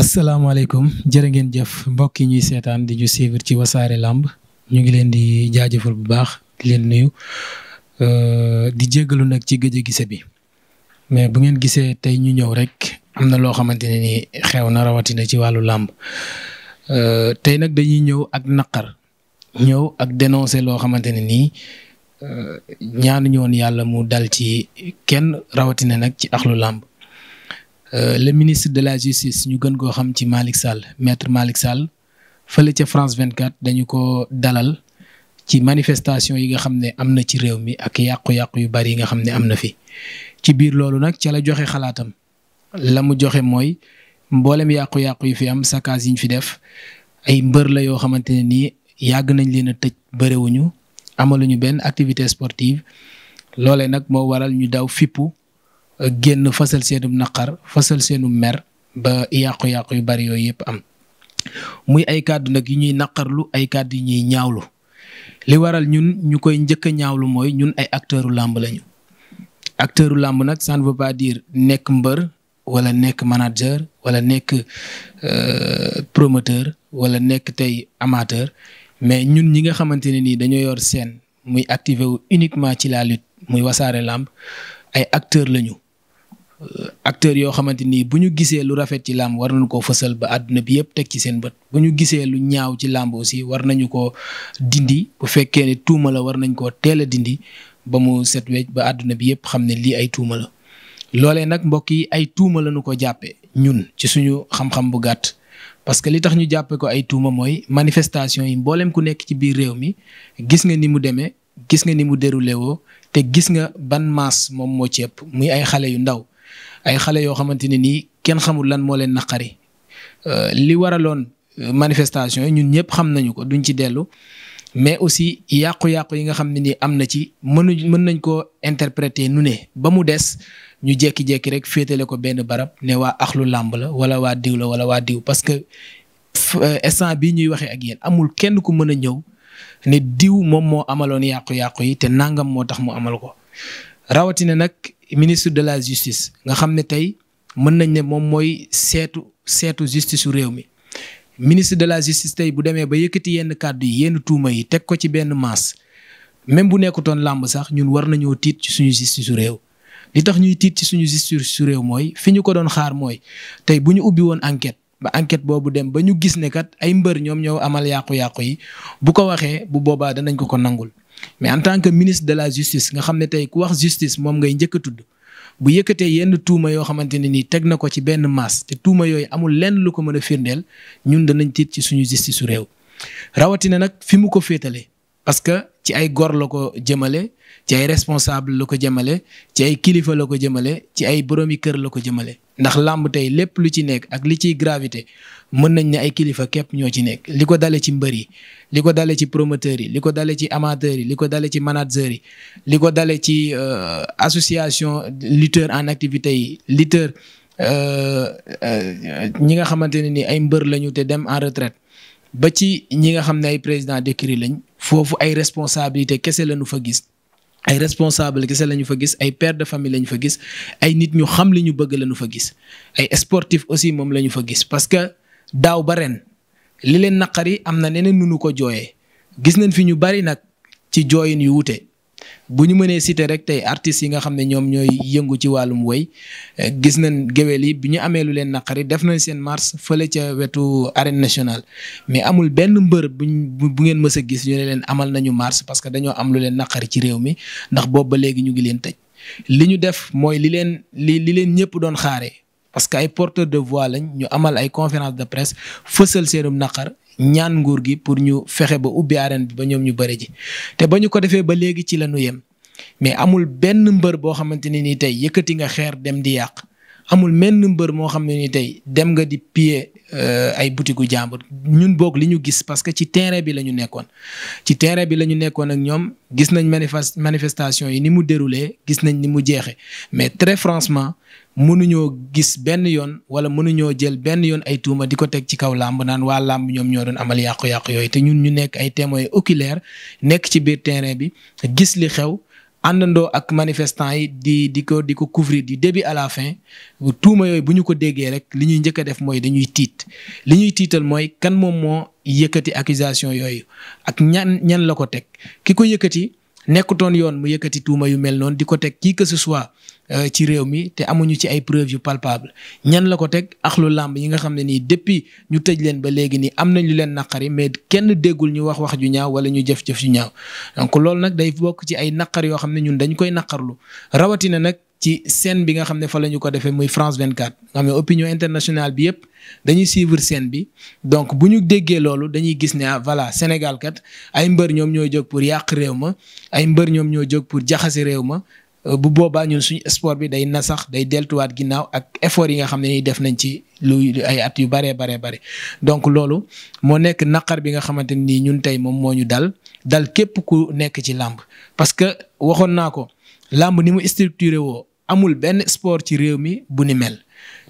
asalaamaaleykum jërë ngeen jëf mbokk yi ñuy seetaan di ju suivre ci wasaare làmb ñu ngi leen di jaajëfal bu baax leen nuyu euh, di jéggalu nag ci gëj gise bi mais bu ngeen gisee tey ñu ñëw rek am na loo xamante ne ni xew na rawatina ci wàllu làmb euh, tey nag dañuy ñëw ak naqar ñëw ak dénoncer loo xamante ne nii euh, ñaanu ñoon yàlla mu dal ci kenn rawatina nag ci axlu làmb Euh, le ministre de la justice ñu gën koo xam ci Malick Sall maître Malick Sall fële ca France 24 dañu ko dalal ci manifestation yi nga xam ne am na ci réew mi ak yàqu-yàqu yu bari yi nga xam ne am na fi ci biir loolu nag ca la joxe xalaatam la mu joxe mooy mboolem yàqu-yàqu yu fi am saccage yi ñu fi def ay mbër la yoo xamante ne nii yàgg nañ leen a tëj bëriwuñu amaluñu benn activité sportive loolee nag moo waral ñu daw fippu génn fasal seenum naqar fasal seenum mer ba yàqu-yàqu yu bari yooyu yëpp am muy ay kàddu nag yu ñuy naqarlu ay kàddu yi ñuy ñaawlu li waral ñun ñu koy njëkk a ñaawlu mooy ñun ay acteuru làmb lañu acteuru làmb nag san ne veut pas dire nekk mbër wala nekk manager wala nekk euh, promoteur wala nekk tey amateur mais ñun ñi nga xamante ne nii dañoo yor seen muy activé wu uniquement ci la lutte muy wasaare làmb ay acteur lañu acteurs yoo xamante ni bu ñu gisee lu rafet ci làmb war nañu koo fësal ba àdduna bi yëpp teg ci seen bët bu ñu gisee lu ñaaw ci làmb aussi war nañu ko dindi bu fekkee ne tuuma la war nañ koo teel a dindi ba mu set wecc ba àdduna bi yëpp xam ne lii ay tuuma la. loolee nag mbokk yi ay tuuma la ñu ko jàppee ñun ci suñu xam-xam bu gàtt parce que li tax ñu jàppee ko ay tuuma mooy manifestation yi mboolem ku nekk ci biir réew mi gis nga ni mu demee gis nga ni mu déroulé woo te gis nga ban masse moom moo ci muy ay xale yu ndaw. ay xale yoo xamante ne nii kenn xamul lan moo leen naqari euh, li waraloon euh, manifestation yi ñun ñëpp xam nañu ko duñ ci dellu mais aussi yàqu-yàqu yi nga xam ne nii am na ci mënuñ mën nañ koo interpréter nu ne ba mu des ñu jékki-jékki rek féetale ko benn barab ne waa axlu làmb la wala waa diw la wala waa diw parce que euh, instant bii ñuy waxee ak yéen amul kenn ku mën a ñëw ne diw moom moo amaloon yàqu-yàqu yi te nangam moo tax mu amal ko rawatina nag ministre de la justice nga xam ne tey mën nañ ne moom mooy seetu seetu justice su réew mi ministre de la justice tey bu demee ba yëkkati yenn kàddu yi yenn tuuma yi teg ko ci benn maas même bu nekkutoon làmb sax ñun war nañoo tiit ci suñu justice su réew li tax ñuy tiit ci suñu justice su réew mooy fi ñu ko doon xaar mooy tey bu ñu ubbi woon enquête ba enquête boobu dem ba ñu gis ne kat ay mbër ñoom ñoo amal yàqu-yàqu yi bu ko waxee bu boobaa danañ ko ko nangul mais en tant que ministre de la justice nga xam ne tey ku wax justice moom ngay njëkk a tudd bu yëkkatee yenn tuuma yoo xamante ne nii teg na ko ci benn maas te tuuma yooyu amul lenn lu ko mën a firndeel ñun danañ tiit ci suñu justice su réew rawatina nag fi mu ko féetalee parce que ci ay gor la ko jëmale ci ay responsable la ko jëmale ci ay kilifa la ko jëmale ci ay boromi kër la ko jëmale ndax làmb tey lépp lu ci nekk ak li ciy gravité mën nañ ne ay kilifa képp ñoo ci nekk li ko dale ci mbër yi li ko dale ci promoteurs yi li ko dale ci amateurs yi li ko dale ci managers yi li ko dale ci euh, association lutteurs en activité yi lutteurs euh, euh, ñi nga xamante ne ni ay mbër lañu te dem en retraite ba ci ñi nga xam ne ay président d'écurie lañ foofu ay responsabilité kese lañu fa gis ay responsable kese lañu fa gis ay père de famille lañu fa gis ay nit ñu xam li ñu bëgg lañu fa gis ay sportif aussi moom lañu fa gis parce que daaw ba ren li leen naqari am na neneen nunu ko jooyee gis nañ fi ñu bari nag ci jooyin yu wute bu ñu mënee citer rek tey artistes yi nga xam ne ñoom ñooy yëngu ci wàllum woy eh, gis nañ géwél yi bi ñu amee lu leen naqari def nañ seen marche fële ca wetu arène nationale. mais amul benn mbër buñ bu ngeen mës a gis ñu leen amal nañu marche parce que dañoo am lu leen naqari ci réew mi ndax boobu ba léegi ñu ngi leen tëj li ñu def mooy li leen li li leen ñëpp doon xaare parce que ay porteurs de voix lañ ñu amal ay conférence de presse fësal seenum naqar ñaan nguur gi pour ñu fexe ba ubbi arène bi ba ñoom ñu bëri ji te ba ñu ko defee ba léegi ci lanu yem mais amul benn mbër boo xamante ne ni tey yëkkati nga xeer dem di yàq amul menn mbër moo xam ne ni tey dem nga di piller euh, ay butigu jàmbur ñun boog li ñu gis parce que ci terrain bi la ñu nekkoon ci terrain bi la ñu nekkoon ak ñoom gis nañ manifes manifestation yi ni mu déroulé gis nañ ni mu jeexe mais très franchement mënuñoo gis benn yoon wala mënuñoo jël benn yoon ay tuuma di ko teg ci kaw làmb naan waa làmb ñoom ñoo doon amal yàqu-yàqu yooyu te ñun ñu nekk ay témoins oculaires nekk ci biir terrain bi gis li xew àndandoo ak manifestants yi di di ko di ko couvrir di début à la fin tuuma yooyu bu ñu ko déggee rek li ñuy njëkk a def mooy dañuy tiit li ñuy tiital mooy kan moom moo yëkkati accusation yooyu ak ñan ñan la ko teg ki ko yëkkati nekkutoon yoon mu yëkkati tuuma yu mel noon di ko teg kii que ce soit euh, ci réew mi te amu ñu ci ay preuves yu palpable ñan la ko teg axlu làmb ñi nga xam ne nii depuis ñu tëj leen ba léegi nii am nañ lu leen naqari mais kenn déggul ñu wax wax ju ñaaw wala ñu jëf-jëf ju ñaaw donc loolu nag day bokk ci ay naqar yoo xam ne ñun dañ koy naqarlu rawatina nag ci scène bi nga xam ne fa la ñu ko defee muy France 24 nga xam ne opinion internationale bi yëpp dañuy suivre scène bi donc bu ñu déggee loolu dañuy gis ne ah voilà Sénégal kat ay mbër ñoom ñoo jóg pour yàq réew ma ay mbër ñoom ñoo jóg pour jaxase réew ma euh, bu boobaa ñu suñu sport bi day nasax day deltuwaat ginnaaw ak effort yi nga xam ne nii def nañ ci lu ay at yu baree baree bare donc loolu moo nekk naqar bi nga xamante nii ñun tey moom moo ñu dal dal képp ku nekk ci làmb parce que waxoon naa ko làmb ni mu structuré woo amul benn sport ci réew mi bu ni mel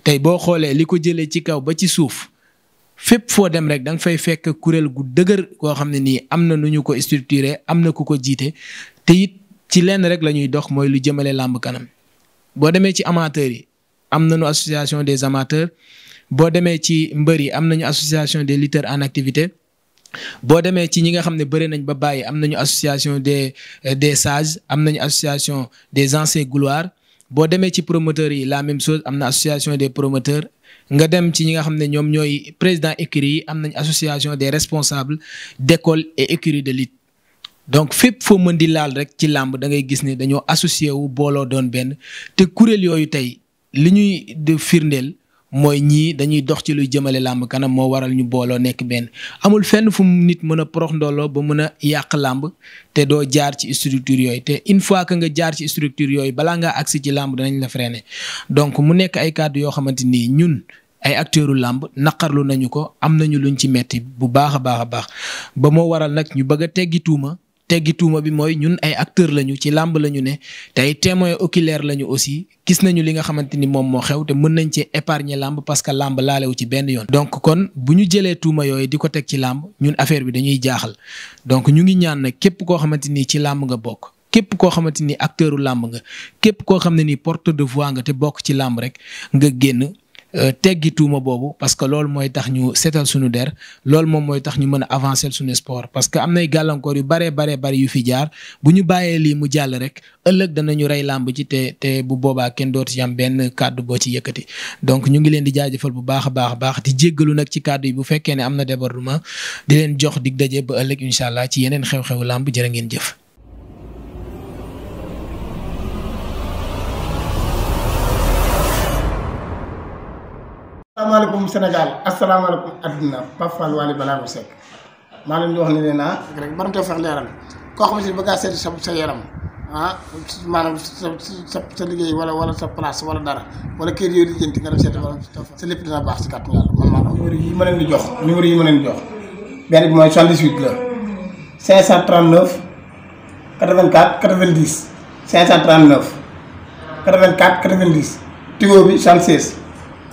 tey boo xoolee li ko jëlee ci kaw ba ci suuf fépp foo dem rek da nga fay fekk kuréel gu dëgër koo xam ne nii am na nu ñu ko structuré am na ku ko jiite te it ci lenn rek la ñuy dox mooy lu jëmale làmb kanam boo demee ci amateurs yi am nañu association des amateurs boo demee ci mbër yi am nañu association des lutteurs en boo demee ci ñi nga xam ne bëri nañ ba bàyyi am nañu association des euh, des sages am nañu association des anciens gloires boo demee ci promoteurs yi la même chose am na association des promoteurs nga dem ci ñi nga xam ne ñoom ñooy président écurie yi am nañ association des responsables d'école et écurie de lite donc fépp foo mën di laal rek ci làmb da ngay gis ni dañoo associé wu booloo doon benn te kuréel yooyu tey li ñuy firndeel mooy ñii dañuy dox ci luy jëmale làmb kanam moo waral ñu booloo nekk benn amul fenn fu nit mën a porox ndooloo ba mën a yàq làmb te doo jaar ci structure yooyu te une fois que nga jaar ci structure yooyu bala nga agsi ci làmb danañ la freiner donc mu nekk ay kàddu yoo xamante nii ñun ay acteuru làmb naqarlu nañu ko am nañu luñ ci metti bu baax a baax a baax ba moo waral nag ñu bëgg a teggi tuuma teggi tuuma bi mooy ñun ay acteur lañu ci làmb lañu ne tey témoin oculaire lañu aussi gis nañu li nga xamante ni moom moo xew te mën nañ ci épargner làmb parce que làmb laalewu ci benn yoon. donc kon bu ñu jëlee tuuma yooyu di ko teg ci làmb ñun affaire bi dañuy jaaxal donc ñu ngi ñaan nag képp koo xamante ni ci làmb nga bokk. képp koo xamante ni acteuru làmb nga képp koo xam ne ni porte de voix nga te bokk ci làmb rek nga génn Euh, teggi tuuma boobu parce que loolu mooy tax ñu setal suñu der loolu moom mooy tax ñu mën a avancer suñu sport parce que am nay gàllankoor yu baree bare bari yu fi jaar bu ñu bàyyee lii mu jàll rek ëllëg danañu rey làmb ci te te bu boobaa kenn dootu yam benn kàddu boo ci yëkkati donc ñu ngi leen di jaajëfal bu baax a baax a baax di jéggalu nag ci kàdd yi bu fekkee ne am na débordement di leen jox dig daje ba ëllëg incha allah ci yeneen xew xew làmb jërë ngeen jëf asalaamaaleykum Sénégal asalaamaaleykum adduna Pape Fall Waly Ballago Seck maa wax ne leen ah rek mën na too fex leeral koo xam a ah, sa liggéey wala wala sa place wala dara wala kër yooyu di jënti nga dem seeti wala sa lépp dina baax si kàttan yàlla man maa numéro yi ma leen di jox numéro yi ma leen di jox benn bi mooy 78 la 539 84 90 539 84 90 tigo bi 76